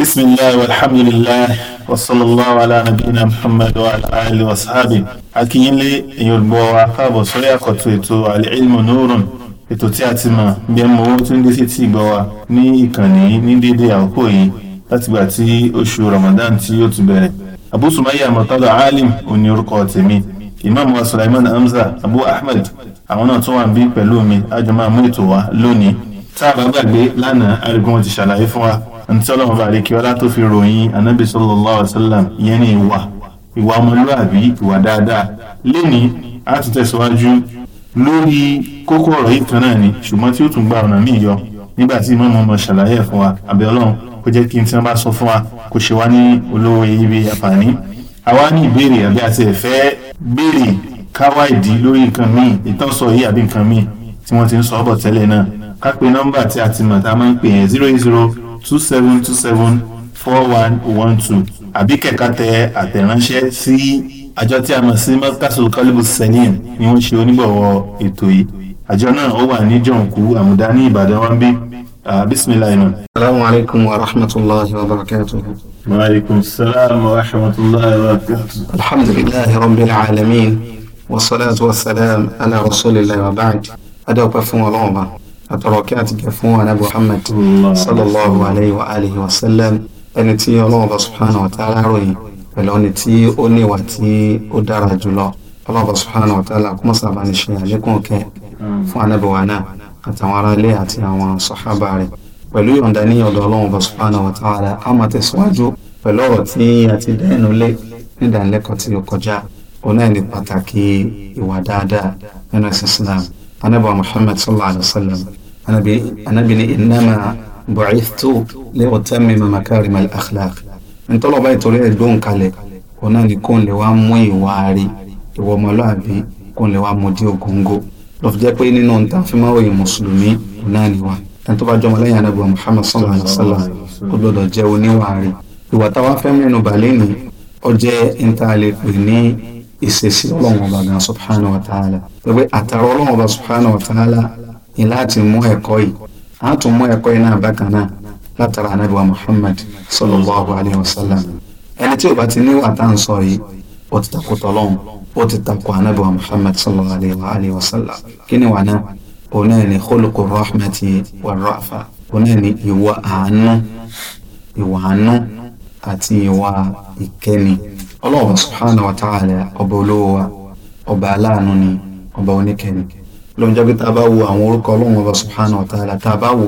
بسم الله والحمد لله وصلى الله على نبينا محمد وعلى آله وصحبه akínyìn lé èyàn olùgbọ́ wa káàbọ̀ sórí àkọ́tún ètò Al-Ilmu Nurun ètò tí a ti mọ̀ bí ẹmu owó tó ń dé sí ti gbọ́ wa ní ìkànnì ní déédéé àkókò yìí láti gbà tí oṣù Ramadan tí yóò tún bẹ̀rẹ̀ Abu Sumayya Murtada Alim òní orúkọ tèmi Imam wa Sulaiman Hamza Abu Ahmed àwọn náà tún wà bí pẹ̀lú mi àjọmọ́ àmú ètò wa lónìí tá a bá gbàgbé lánàá arigun ti ṣàlàyé fún wa ntọ́lọ́mọ bàríkì ọlá tó fi ròyìn anábì sallallahu alaihi wasallam ìyẹn ní ìwà ìwà ọmọlúwàbí ìwà dáadáa lẹ́ni a tún tẹ̀síwájú lórí kókó ọ̀rọ̀ yìí kan náà ni ṣùgbọ́n tí ó tún gba ọ̀nà míì yọ nígbà tí mọ́mọ́ mọ́ ṣàlàyé fún wa àbẹ̀ ọlọ́run kó jẹ́ kí n tí wọ́n bá sọ fún wa kó ṣe wá ní olówó ibi àǹfààní. àwa ní ìbéèrè àbí àti ẹ̀fẹ́ béèrè káwá ìdí lórí nǹkan míì ìtàn yìí àbí nǹkan míì tí wọ́n ti ń sọ ọ́ tẹ́lẹ̀ náà ká pe nọ́mbà tí a ti mọ̀ tá a máa ń pè yẹn zero eight zero two seven two seven four one one two àbí kẹ̀ka tẹ àtẹ̀ránṣẹ́ sí àjọ tí a mọ̀ sí mọ́kàsó kọ́lébù sẹ́yìn ni wọ́n ṣe onígbọ̀wọ́ ètò yìí àjọ náà ó wà ní jọ̀ǹkú àmúdá ní ìbàdàn wọn bí bisimilayi nù. salaamu alaykum wa rahmatulahi wa barakatuhu. wa alaykum salaam wa rahmatulahi wa barakatuhu. alhamdulilayi rabbil alamin wa salatu wa salaam ala Rasulillah wa baad. adé ọpẹ́ fun Ọlọ́run ba àtọ̀rọ̀kẹ́ fún anabi Muhammad sallallahu alayhi wa alihi wa sallam ẹni tí ọlọ́run bá subhanahu wa ta'ala ròyìn pẹ̀lú ẹni tí ó ní ìwà tí ó dára jùlọ ọlọ́run bá subhanahu wa ta'ala kó mọ̀sá bá ní ṣe àlékún kẹ́ fún anabi wa náà àtàwọn ará ilé àti àwọn sọ̀hábà rẹ̀ pẹ̀lú yọ̀ǹda ní ọ̀dọ̀ ọlọ́run bá subhanahu wa ta'ala á máa tẹ̀síwájú pẹ̀lú ọ̀rọ̀ tí a ti dẹ́nu lé nídàálẹ́kọ̀ọ́ tí ó kọjá ọ̀nà ìní pàtàkì ìwà dáadáa nínú ẹ̀sìn Islam anábọ̀ muhammad sallallahu alayhi wa sallam anábì ní innama bu'ithtu li utammima makarima al-akhlaq ntọ́lọ́ba ìtòrí ẹ̀ gbóhùn kalẹ̀ òun náà ni kóun lè wá mú ìwà rí ìwọ ọmọlúàbí kóun lè wá mú di ògóńgó lọ fi jẹ́ pé nínú nta fi máa wòye mùsùlùmí òun náà ni wà ẹni tó bá jọmọ lẹ́yìn anábì muhammad sallallahu alayhi wa sallam ó gbọ́dọ̀ jẹ́ oníwà rí ìwà táwa fẹ́ mẹ́nu bàlẹ́ ni ó jẹ́ nta lè pè ní ìṣesí ọlọ́run ọba gan subhanahu wa ta'ala pẹ̀lú àtàrà ọlọ́run ọba subhanahu wa ta'ala ni láti mú ẹ̀kọ́ yìí a tún mú ẹ̀kọ́ yìí náà bákan náà látara anabi wa muhammad sallallahu alayhi wa sallam ẹni tí ó bá ti níwà tá ń sọ yìí ó ti takò tọ́lọ́run ó ti takò anabi muhammad sallallahu alayhi wa sallam kí ni wà náà náà ni khuluqu rahmati wa ra'fa òun náà ni ìwà àánú ìwà àánú àti ìwà ìkẹ́ni ọlọ́run subhana wa ta'ala ọba olówó wa ọba aláàánú ni ọba oníkẹ́ni lọ́n jẹ́ pé tá a bá wo àwọn orúkọ ọlọ́run ọba subhana wa ta'ala tá a bá wo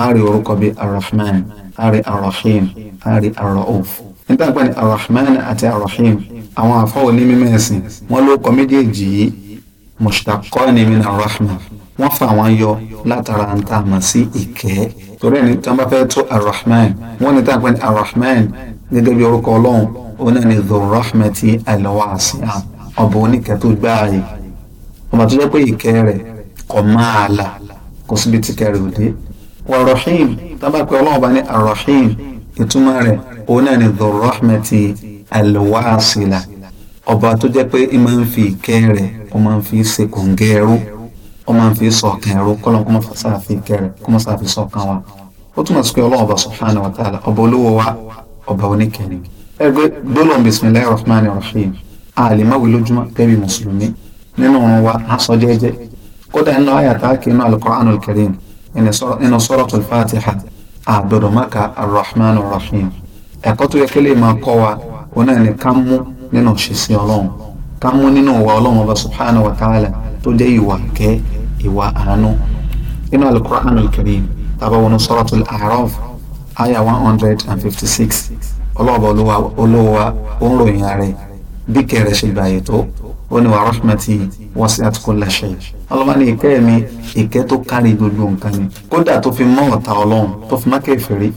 a rí orúkọ bíi arrahman a rí arrahim a rí arrauf nígbà pẹ́ ni arrahman àti arrahim àwọn àfọwọ́ ní mímọ́ ẹ̀sìn wọ́n ló kọ méjèèjì yìí mushtaqani min arrahman wọ́n fà wọ́n yọ látara ń tà mọ̀ sí ìkẹ́ torí ẹni tí wọ́n bá fẹ́ tó arrahman wọ́n ní tá a pẹ́ ni arrahman gẹ́gẹ́ bí orúkọ ọlọ́run òun náà ni dhurrahmati alwasi'a ọba oníkẹ́ tó gbáàyè ọba tó jẹ́ pé ìkẹ́ rẹ̀ kò máa là kò síbi tí kẹrì òde. wà rahim tábà pé ọlọ́run bá ní arahim ìtumọ̀ rẹ̀ òun náà ni dhurrahmati alwasila ọba tó jẹ́ pé ẹ máa ń fi ìkẹ́ rẹ̀ ó máa ń fi ṣe kòǹgẹ́ ẹrú ó máa ń fi sọ̀kan ẹrú kọ́lọ́n kó má sáàfi ìkẹ́ rẹ̀ kó má sáàfi sọ̀kan wa ó túmọ̀ sí pé ọlọ́run ọba subhanahu wa ta'ala ọba olówó wa ọba oníkẹ́ni ẹgbẹ́ gbólóhùn bisimilayi rahman rahim àlìmáwé lójúmọ́ gẹ́bí mùsùlùmí nínú òun wa aṣọ jẹ́jẹ́ kódà nínú àyàtà kínú alukur'an alkarim nínú suratul fatiha àgbọ̀dọ̀ maka arrahman rahim ẹ̀kọ́ tó yẹ kí lè máa kọ́ wa òun náà ni ká mú nínú ṣíṣe ọlọ́run ká mú nínú ìwà ọlọ́run ọba subhanahu wa ta'ala tó jẹ́ ìwà kẹ́ ìwà àánú nínú alukur'an alkarim tàbá wọnú suratul a'raf ayah one hundred and fifty six ọlọ́ọ̀bà olówó wa ó ń ròyìn ààrẹ bí kẹrẹ ṣe gbààyè tó ó ní wa rahmati wasi'at kulla shay ọlọ́mọ ní ìkẹ́ mi ìkẹ́ tó kárí gbogbo nǹkan ni kódà tó fi mọ́ ọ̀tá ọlọ́run tó fi má kèfèrí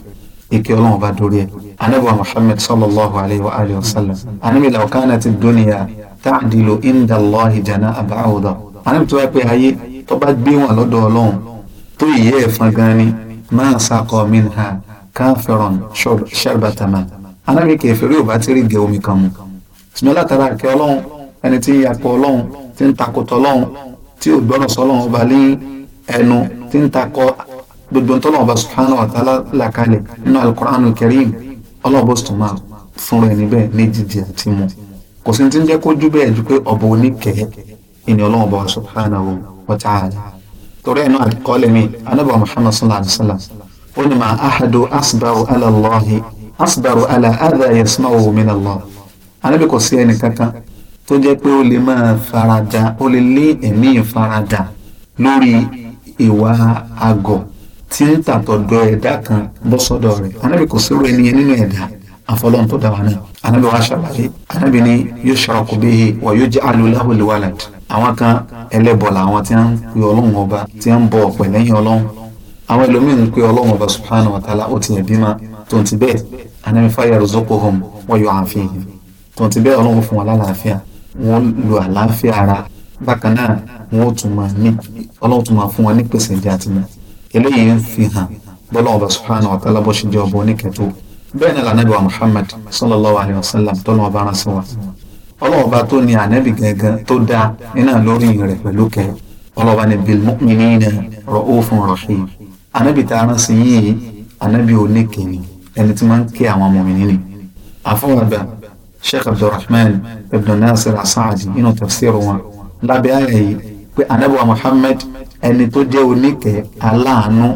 ìkẹ́ ọlọ́run bá dórí ẹ̀ anabiwa muhammad sallallahu alayhi wa alihi wa sallam anabi law kanati dunya ta'dilu inda allahi janaha ba'udah anabi tó bá pé ayé tó bá gbé wọn lọ́dọ̀ ọlọ́run tó ìyẹ́ alábì kẹfẹ́rí ò bá tí rí gẹ omi kan mu ṣùgbọ́n látara àkẹ́ ọlọ́run ẹni tí ń yapọ̀ ọlọ́run tí ń takòtò ọlọ́run tí ò gbọ́dọ̀ sọ ọlọ́run ọba ní ẹnu tí ń takọ gbogbo ntọ́lọ́run ọba subhanahu wa ta'ala làkalẹ̀ nínú alukoranu karim ọlọ́run bó sùn máa fún rẹ̀ níbẹ̀ ní jíjẹ àti mu kò sí ti ń jẹ́ kó jú bẹ́ẹ̀ ju pé ọ̀bọ oníkẹ́ ìní ọlọ́run ọba subhanahu wa asdaru ala adha yasma'uhu min Allah anábì kò sí ẹnì kankan tó jẹ́ pé ó lè máa farada ó lè lé ẹ̀mí ìfarada lórí ìwà àgọ̀ tí ń tàtọ̀dọ̀ ẹ̀dá kan bọ́ sọ́dọ̀ rẹ̀ anábì kò sí rẹ̀ nìyẹn nínú ẹ̀dá àfọlọ́n tó dára náà anábì wa ṣàlàyé anábì ni yushraku bihi wa yuj'alu lahu al-walad àwọn kan ẹlẹ́bọ̀ làwọn tí ń pe ọlọ́run ọba tí ń bọ ọ̀pẹ̀ ọlọ́run àwọn ẹlòmíín ń pe ọlọ́run ọba subhanahu wa ta'ala ó ti yẹ bímọ tó ti bẹ́ẹ̀ ànábi fayarzuquhum wa yu'afihim tòun ti bẹ́ẹ̀ ọlọ́run fún wọn lálàáfíà wọ́n lo àlàáfíà ara bákan náà wọ́n tún máa ní ọlọ́run tún máa fún wọn nípèsè ìjà tìǹà eléyìí ń fi hàn bọ́lá ọba subhanahu wa ta'ala bó ṣe jẹ́ ọba oníkẹ́tò bẹ́ẹ̀ ni lànàbí wa muhammad sallallahu alayhi wa sallam tọ́lọ́ ọba ránṣẹ́ wa ọlọ́ọ̀ba tó ní ànábì gangan tó dáa iná lórí rẹ̀ pẹ̀lú kẹ́ ọlọ́ọ̀ba ní ẹni tí máa ń kí àwọn ọmọ mi nínú àfọwọ́gbà sheikh abdulrahman ibn nasir asaadi nínú tafsiru wọn lábẹ́ àyà yìí pé anabiwa muhammed ẹni tó jẹ́ oníkẹ́ aláàánú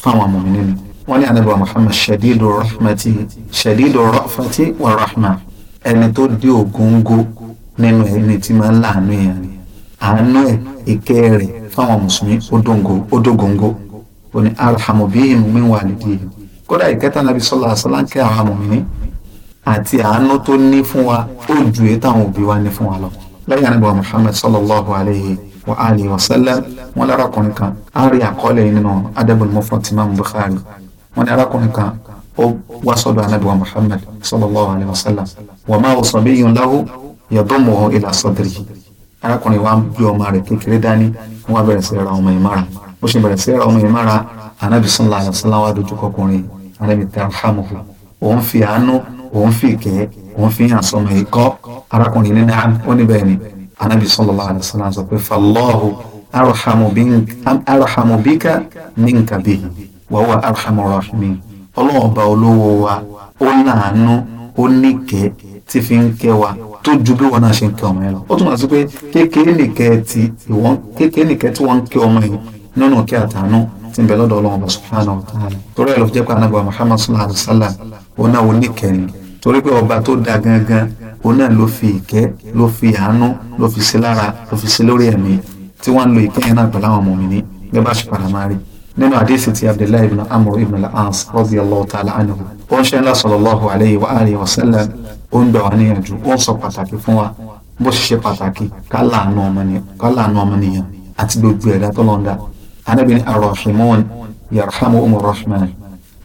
fáwọn ọmọ mi nínú wọn ní anabiwa muhammed shadidu rahmati shadidu rafati wa rahma ẹni tó di ògóńgó nínú ẹni tí máa ń láàánú yẹn ni àánú ẹ ìkẹ́ rẹ̀ fáwọn mùsùlùmí ó dógóńgó ó ní arhamu mi wà nídìí yìí kódà ìkẹta nàbí sọlá àsọláńkẹ àwọn amòmìnì àti àánú tó ní fún wa ó ju èyí táwọn òbí wa ní fún wa lọ lẹ́yìn anábọ̀ muhammed sallallahu alayhi wa alihi wa sallam wọn lára ọkùnrin kan á rí àkọọ́lẹ̀ yìí nínú adabul mufrad ti imam bukhari wọn ní arákùnrin kan ó wá sọ́dọ̀ anábọ̀ muhammed sallallahu alayhi wa sallam wa ma wò sabiyyun lahu yadumuhu ila sadrihi arákùnrin wa ń bí ọmọ rẹ̀ kékeré dání wọn bẹ̀rẹ̀ sí ra ọmọ ìmára bó ṣe bẹ̀rẹ̀ sí ra ọmọ ìmára anábì sallallahu alayhi wa sallam wá dojú kọkùnrin ànábì tẹ àhámùhù òun fi àánú òun fi ìkẹ́ òun fi hàn sọmọ ikọ́ arákùnrin nínú ó níbẹ̀ ni ànábì sallallahu alaihi wasallam sọ pé fallahu arhamu bika minka bihi wa huwa arhamur rahimin ọlọ́ọ̀ba olówó wa ó láàánú ó níkẹ́ tí fi ń kẹ́ wa tó ju bí wọn náà ṣe ń kẹ́ ọmọ yẹn lọ ó túmọ̀ sí pé kékeré nìkẹ́ tí wọ́n ń kẹ́ ọmọ yẹn nínú kí àtàánú ti ń bẹ lọ́dọ̀ ọlọ́run subhanahu wa ta'ala torí ẹ̀ ló jẹ́ pé ànábì wa muhammad sallallahu alayhi wa sallam òun náà oníkẹrin torí pé ọba tó da gangan òun náà ló fi ìkẹ́ ló fi àánú ló fi sí lára ló fi sí lórí ẹ̀mí tí wọ́n ń lo ìkẹyìn náà pẹ̀lú àwọn mùmínì gẹ́gẹ́ bá ṣe padà máa rí nínú àdéhìsì ti abdullahi ibn amr ibn al-as radiyallahu ta'ala anhu ó ń ṣe ńlá sallallahu alayhi wa alihi wa sallam ó ń gbà wá níyànjú ó ń sọ pàtàkì fún wa bó ṣe ṣe pàtàkì ká láàánú ọmọnìyàn àti gbogbo ẹ̀dá tó lọ́ndà anábìrin arahimon yarhamuhum rahman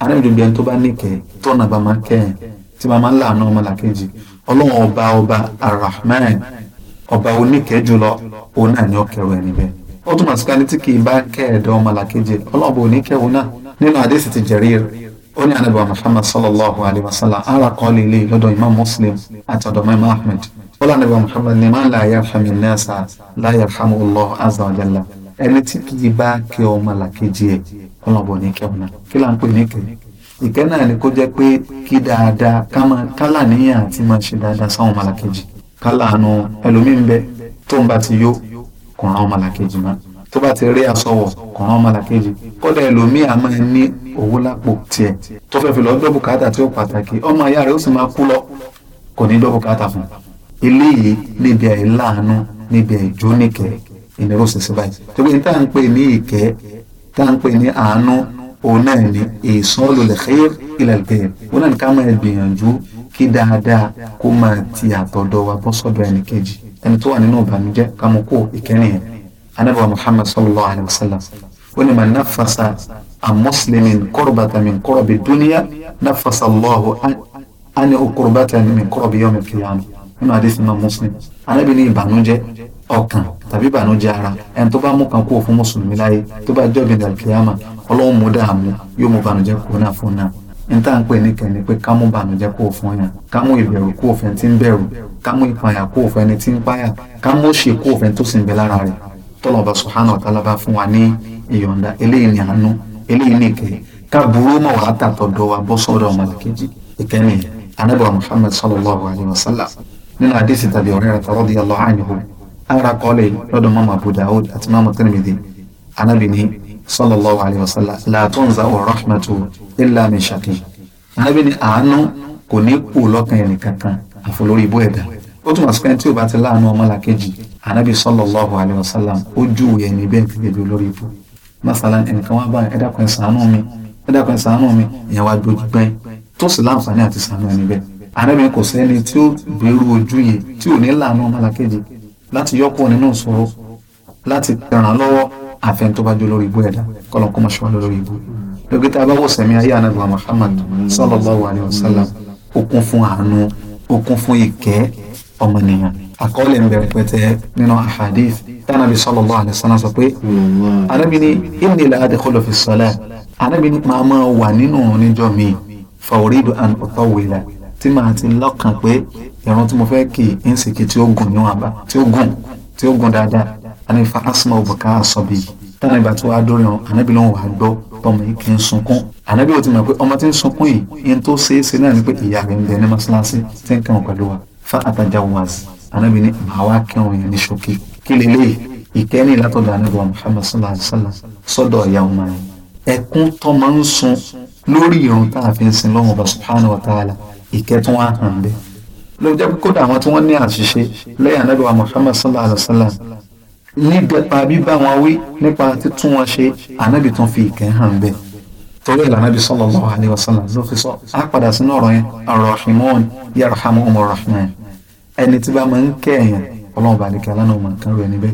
anábìrin bíi ẹni tó bá níkẹ́ tọ́nà bá máa kẹ́yìn tí máa máa ń láàánú ọmọlàkejì ọlọ́run ọba ọba arahman ọba oníkẹ́ jùlọ òun náà ni ó kẹrù ẹni bẹ́ẹ̀ ó túmọ̀ sí káni tí kì í bá kẹ́ ẹ̀dọ́ ọmọlàkejì ọlọ́ọ̀bù oníkẹ́ òun náà nínú àdéhìsì ti Jarir ó ní anábìrin Muhammad sallallahu alayhi wa sallam ara kọ́ lè lè Imam Muslim àtọ̀dọ̀ Imam Ahmed قال النبي محمد لمن لا يرحم الناس لا يرحمه الله عز وجل ẹni tí kìí bá kẹ ọmọ làkejì ẹ̀ ọlọ́run ní kẹwọn kí là ń pè ní kẹ ìkẹ́ náà ni kó jẹ́ pé kí dáadáa kálà àti máa ṣe dáadáa sáwọn ọmọ làkejì kálà àánú ẹlòmíín bẹ tó ń ti yó kò ọmọ làkejì tó ti rí kò ọmọ làkejì a máa ní owó lápò tiẹ̀ tó fẹ́ fi lọ gbọ́ bùkátà tí ó pàtàkì ọmọ ó sì máa kú lọ kò ní gbọ́ ìnirú sísìn báyìí torí ní tá à ń pè ní ìkẹ́ tá à ń pè ní àánú òun náà ni èèsàn lòlẹ̀ xeyir ìlàlùkẹ́yìn òun náà ni ká máa gbìyànjú kí dáadáa kó máa ti àtọ̀dọ̀ wa bọ́ sọ́dọ̀ ẹnì kejì ẹni tó wà nínú ìbànújẹ́ ká mú kó ìkẹ́ni yẹn anabi wa sallallahu alayhi wa sallam ó ní màá nafasa a muslimin kurbata min kurabi duniya nafasa allahu ani kurbata min kurabi yawm al-qiyamah nínú àdéhùn imam muslim anabi ní ìbànújẹ́ ọkàn tàbí ìbànújẹ́ ara ẹni tó bá mú kan kúrò fún mùsùlùmí láyé tó bá jẹ́ ọ̀gbìn dàlùkìyàmà ọlọ́run mú dààmú yóò mú ìbànújẹ́ kúrò náà fún náà n tá à ń pè ní kẹ́ni pé ká mú ìbànújẹ́ kúrò fún yàn ká mú ìbẹ̀rù kúrò fún ẹni tí ń bẹ̀rù ká mú ìpayà kúrò fún ẹni tí ń páyà ká mú òṣì kúrò fún ẹni tó sì ń bẹ lára rẹ̀ tọ́lọ̀bà subhanahu wa Muhammad sallallahu alayhi wa sallam nínú àdìsí tàbí ọ̀rẹ́ rẹ̀ radiyallahu anhu ara kọ́lẹ̀ lọ́dọ̀ mọ́mọ́ Abu Dawud àti mọ́mọ́ Tirmidhi anábì ní sallallahu alayhi wa sallam la tunza rahmatu illa min shaqi anábì ní àánú kò ní kú lọ́kàn ẹnì kankan àfọlórí ibú ẹ̀dá ó tún àsìkò ẹni tí ò bá ti láàánú ọmọlàkejì anábì sallallahu alayhi wa sallam ó júwe ẹni bẹ́ẹ̀ gẹ́gẹ́ bí olórí ibú masalan ẹnìkan wá bá ẹ dákun ẹ mi ẹ dákun ẹ mi ìyẹn wá gbójú gbẹ́yìn tó sì láǹfààní àti ṣàánú ẹni bẹ́ẹ̀ anábì kò sẹ́ni tí ó gbèrú ojú yìí tí ò ní láàánú ọmọlàkejì láti yọkùn nínú ìṣòro láti ràn án lọ́wọ́ àfẹn tó bá jó lórí ibú ẹ̀dá kọ́lọ̀ kó má ṣe wá lórí ibú lókè tá a bá wò ayé anagba Muhammad sallallahu alayhi wa sallam ó kún fún àánú ó kún fún ìkẹ́ ọmọnìyàn àkọọ́lẹ̀ ń bẹ̀rẹ̀ pẹ̀tẹ́ nínú ahadith tánàbí sallallahu alayhi wa sallam sọ pé anábì ní inni la adkhulu fi salat anábì ní màá máa wà nínú níjọ́ mi fa uridu an utawwila tí màá ti lọ́kàn pé ìran tí mo fẹ́ kì í ń sèké tí ó gùn níwọ̀nba tí ó gùn tí ó gùn dáadáa anábìfà asma òbùkà àsọ̀bì táwọn ìgbà tí wàá dórin ọ̀hún anábì lòun wàá gbọ́ tọmọ yìí kì í sunkún anábì ò ti mọ̀ pé ọmọ tí ń sunkún yìí ihun tó ṣeé ṣe náà ni pé ìyá rẹ̀ ń bẹ ní mọ́ṣáláṣí tí ń kàn pẹ̀lú wa fa àtàjà wàz anábì ní màá wá kírun yẹn ní ṣókí kí leléyìí ìkẹ́ni látọ̀dọ̀ anábì wa Muhammad sallallahu alayhi wa sallam sọ́dọ̀ ìyá ọmọ yẹn ẹkún tọmọ ń sun lórí ìrun tá sin lọ́wọ́ ọba subhanahu wa ta'ala ìkẹtùn wa hàn bẹ́ẹ̀ ló jẹ́ pé kódà àwọn tí wọ́n ní àṣìṣe lẹ́yìn anábìwá Muhammad sallallahu alayhi wa sallam nípa bíbá wọn wí nípa títún wọn ṣe anábì tún fi ìkẹ́ hàn bẹ́ẹ̀ torí ẹ̀ lànàbì sallallahu alayhi wa sallam ló fi sọ á padà sínú ọ̀rọ̀ yẹn arrahimon yarhamuhum arrahman ẹni tí bá máa ń kẹ́ ẹ̀yàn ọlọ́run bá nìkan lánàá ọmọ nǹkan rẹ̀ níbẹ̀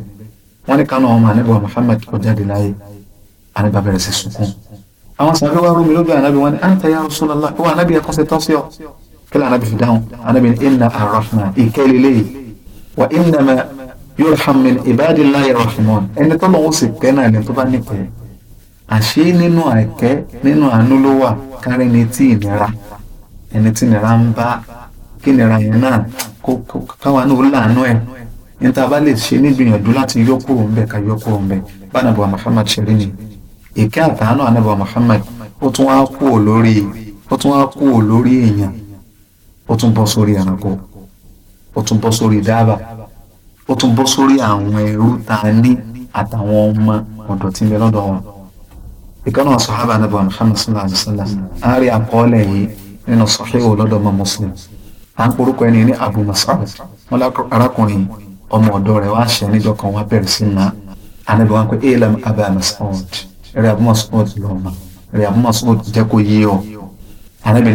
wọ́n kílà anabi fi dáhùn anabi ní inna arahman ìkẹ́lélẹ́ yìí wà innama yurham min ibadillahi rahman ẹni tó lọ́wọ́ sì kẹ́ náà ẹni tó bá nípẹ́ àṣé nínú àìkẹ́ nínú àánú ló wà kárí ni tí ìnira ẹni tí ìnira ń bá kí ìnira yẹn náà káwa náà ó láàánú ẹ̀ níta bá lè ṣe nígbìyànjú láti yọ kúrò ńbẹ ká yọ kúrò ńbẹ bánàbọ Muhammad ṣeré ni ìkẹ́ àtàánú ànàbọ Muhammad ó tún wá kúrò lórí ó tún wá kúrò lórí èèyàn ó tún bọ́ sórí ẹranko ó tún bọ́ sórí dábà ó tún bọ́ sórí àwọn ẹrú tá a ní àtàwọn ọmọ ọ̀dọ̀ tí ń bẹ lọ́dọ̀ wọn. ìkànnà sọ̀hábà nàbà Muhammad sallallahu alayhi wa sallam á rí àkọọ́lẹ̀ yìí nínú sọ̀híhù lọ́dọ̀ ọmọ Muslim à ń porúkọ ẹni ní Abu Mas'ud wọn lárakùnrin ọmọ ọ̀dọ̀ rẹ̀ wá ṣẹ́ níjọ́ kan wá bẹ̀rẹ̀ sí náà ànábì wọn pé elam Aba Mas'ud rẹ̀ Abu Mas'ud lọ́ọ̀mà rẹ̀ Abu Mas'ud jẹ́ kó yé ọ ànábì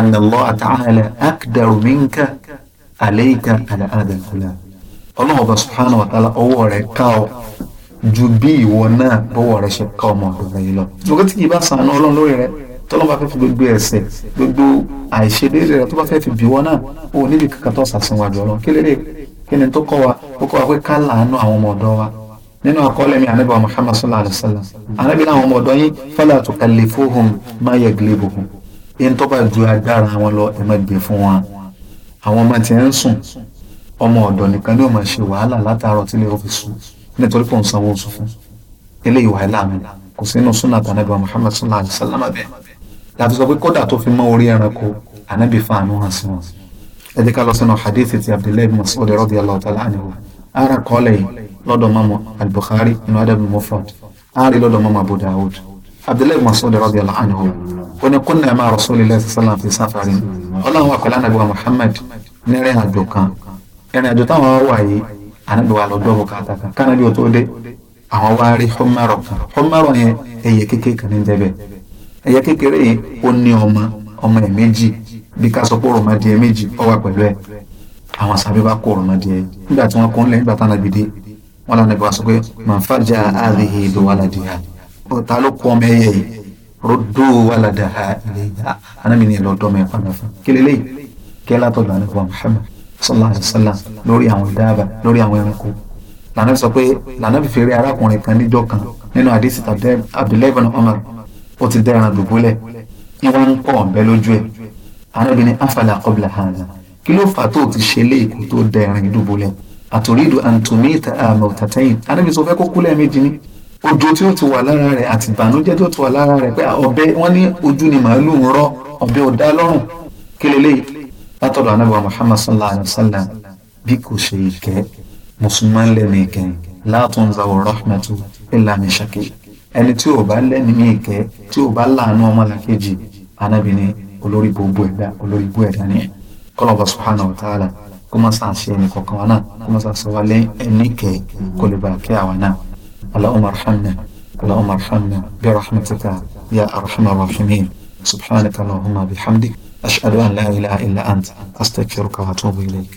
أن الله تعالى أقدر منك عليك على هذا الكلام الله سبحانه وتعالى wa ta'ala ọwọ́ rẹ̀ ká ọ ju bí ìwọ náà bọ́wọ́ rẹ̀ ṣe ká ọmọ ọ̀dọ̀ yìí lọ. lókè tí kìí bá sànù ọlọ́run lórí rẹ tọ́lọ́run bá fẹ́ fi gbogbo ẹ̀ṣẹ̀ gbogbo àìṣedéédé rẹ tó bá fẹ́ fi bì wọ́n náà ó níbi kankan tó sàsìn wájú ọlọ́run kí lélẹ̀ kí ni tó kọ́ wa ó kọ́ wa pé ká làánú àwọn ọmọ ọ̀dọ́ wa nínú àkọọ́lẹ̀ mi ànábì wa sallallahu alayhi wa sallam ànábì àwọn ọmọ ọ̀dọ́ yín fala tukallifuhum ma yaglibuhum ní tọ́ba ju agbára wọn lọ ẹ má gbé fún wọn àwọn ọmọ tí ń sùn ọmọ ọ̀dọ̀ nìkan ni ó máa ṣe wàhálà látàárọ̀ tí ilé òfin sùn nítorí pé òun sanwó oṣù fún eléyìí wàhálà mi kò sínú súnà tàn nàbẹ Muhammad sallallahu alayhi wa sallam abẹ láti sọ pé kódà tó fi mọ orí ẹranko ànábì fàánú hàn sí wọn ẹ jẹ́ ká lọ sínú hadithi ti abdullahi bin masoud radiyallahu ta'ala anhu ara kọ́lẹ̀ yìí lọ́dọ̀ mọ́mọ́ al-bukhari inú adab al ara ari lọ́dọ̀ mọ́mọ́ abu dawud abdullahi bin masoud radiyallahu anhu ó ní kúnnà máa Rasulillah sallallahu alaihi wasallam ọlọ́run wà pẹ̀lú ànàgbà Muhammad ní rìn àjò kan ìrìn àjò táwọn wà yìí ànàgbà wà lọ́dọ̀ bùkátà kan kánàbí ò tó dé àwọn wá rí xọ́márọ̀ kan xọ́márọ̀ yẹn ẹyẹ kékeré kan ní dẹ́bẹ̀ ẹyẹ kékeré yìí ó ní ọmọ ọmọ ẹ̀ méjì bí ká sọ pé òròmọdìẹ méjì ó wà pẹ̀lú ẹ̀ àwọn sábẹ́ bá kó òròmọdìẹ nígbà tí wọ́n kó ńlẹ̀ nígbà táwọn àgbèdè wọn làwọn ẹ̀bùn wa sọ pé màfàjà àdìhì ìdòwàlàdìhà ó ta ló kó ọmọ ẹyẹ yìí rodo walada ha ilayya anabi ni ẹlọ dọmọ ẹfọ mẹfọ kelele kẹlá tọdọ anabi wa muhammad sallallahu alaihi wasallam lórí àwọn dáàbà lórí àwọn ẹranko lànàbí sọ pé lànàbí fèrè arákùnrin kan níjọ́ kan nínú àdìsí abdullahi ibn umar ó ti dẹ́ran dùbúlẹ̀ ní wọ́n ń kọ́ ọ̀bẹ lójú ẹ̀ anabi ni afala qabla hànà kilo ló fà tó ti ṣe lé ìkú tó dẹ́ran dùbúlẹ̀ àtòrídùn àǹtòmí ìtà àmọ̀ òtàtẹ́yìn anabi sọ fẹ́ kó kú ni ojo tí ó ti wà lára rẹ̀ àti ìbànújẹ́ tí ó ti wà lára rẹ̀ pé ọ̀bẹ wọn ní ojú ni màálù ń rọ ọ̀bẹ ọ̀dá lọ́rùn kélélé látọ̀dọ̀ anábọ̀ muhammad sallallahu alayhi wa sallam bí kò ṣe ìkẹ́ mùsùlùmán lẹ́nu ìkẹ́ látún zawọ̀ rahmatu illa min shaki ẹni tí ò bá lẹ́nu ní ìkẹ́ tí ò bá láàánú ọmọlàkejì anábìíní olórí gbogbo ẹ̀dá olórí gbogbo ẹ̀dá nìyẹn kọlọ̀bà subhanahu wa ta'ala kó má sàn ṣe ẹnì kọ̀ọ̀kan wa náà kó má wa lẹ́yìn ẹnì kẹ́ kó lè àwa náà. اللهم ارحمنا اللهم ارحمنا برحمتك يا أرحم الراحمين سبحانك اللهم بحمدك أشهد أن لا إله إلا أنت أستغفرك وأتوب إليك